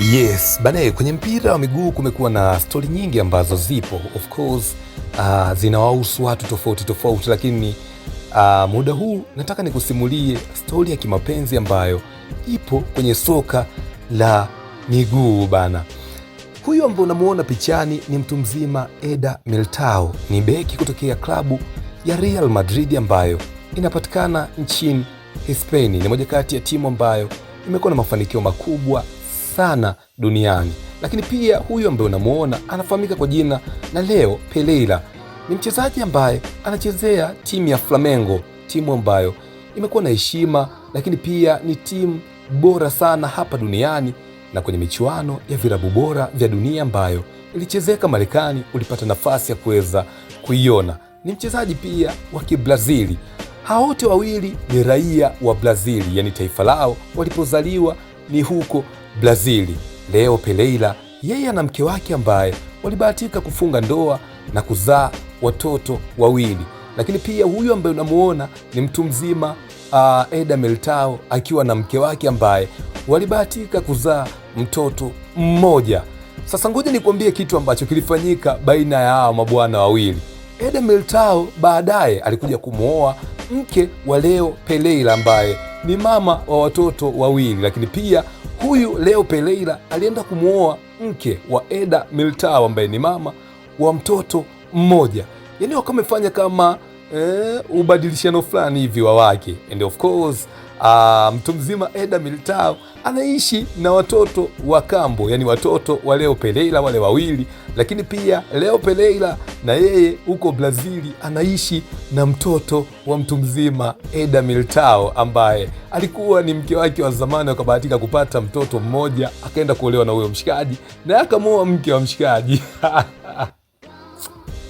Yes, bane, kwenye mpira wa miguu kumekuwa na stori nyingi ambazo zipo of course, uh, zinawahusu watu tofauti tofauti, lakini uh, muda huu nataka nikusimulie stori ya kimapenzi ambayo ipo kwenye soka la miguu bana. Huyu ambaye unamuona pichani ni mtu mzima Eder Militao, ni beki kutokea klabu ya Real Madrid ambayo inapatikana nchini Hispania. Ni moja kati ya timu ambayo imekuwa na mafanikio makubwa sana duniani, lakini pia huyu ambaye unamuona anafahamika kwa jina la Leo Pereira. Ni mchezaji ambaye anachezea timu ya Flamengo, timu ambayo imekuwa na heshima, lakini pia ni timu bora sana hapa duniani, na kwenye michuano ya virabu bora vya dunia ambayo ilichezeka Marekani ulipata nafasi ya kuweza kuiona. Ni mchezaji pia wa Kibrazili. Hawa wote wawili ni raia wa Brazili, yani taifa lao walipozaliwa ni huko Brazili. Leo peleila yeye na mke wake ambaye walibahatika kufunga ndoa na kuzaa watoto wawili, lakini pia huyu ambaye unamuona ni mtu mzima uh, Eda Militao akiwa na mke wake ambaye walibahatika kuzaa mtoto mmoja. Sasa ngoja nikuambie kitu ambacho kilifanyika baina ya hawa mabwana wawili. Eda Militao baadaye alikuja kumwoa mke wa Leo peleila ambaye ni mama wa watoto wawili, lakini pia huyu Leo peleila alienda kumwoa mke wa Eda Militao ambaye ni mama wa mtoto mmoja. Yani wakawa kama eh, ubadilishano fulani hivi wa wake and of course Uh, mtu mzima Eda Militao anaishi na watoto wa kambo, yani watoto wa Leo Pereira wale wawili, lakini pia Leo Pereira na yeye huko Brazili anaishi na mtoto wa mtu mzima Eda Militao ambaye alikuwa ni mke wake wa zamani, wakabahatika kupata mtoto mmoja, akaenda kuolewa na huyo mshikaji, na akamoa mke wa mshikaji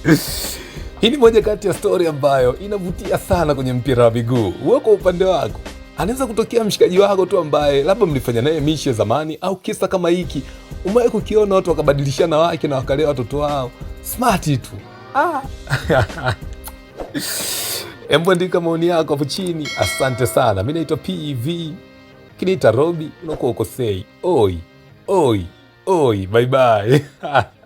Hii ni moja kati ya stori ambayo inavutia sana kwenye mpira wa miguu. Wewe kwa upande wako, anaweza kutokea mshikaji wako tu ambaye labda mlifanya naye mishe zamani, au kisa kama hiki umewahi kukiona, watu wakabadilishana wake na wakalea watoto wao smart tu. Ah. andika maoni yako hapo chini. Asante sana. Mi naitwa PV kiniita Robi, unakuwa ukosei. Oi oi oi, bye bye.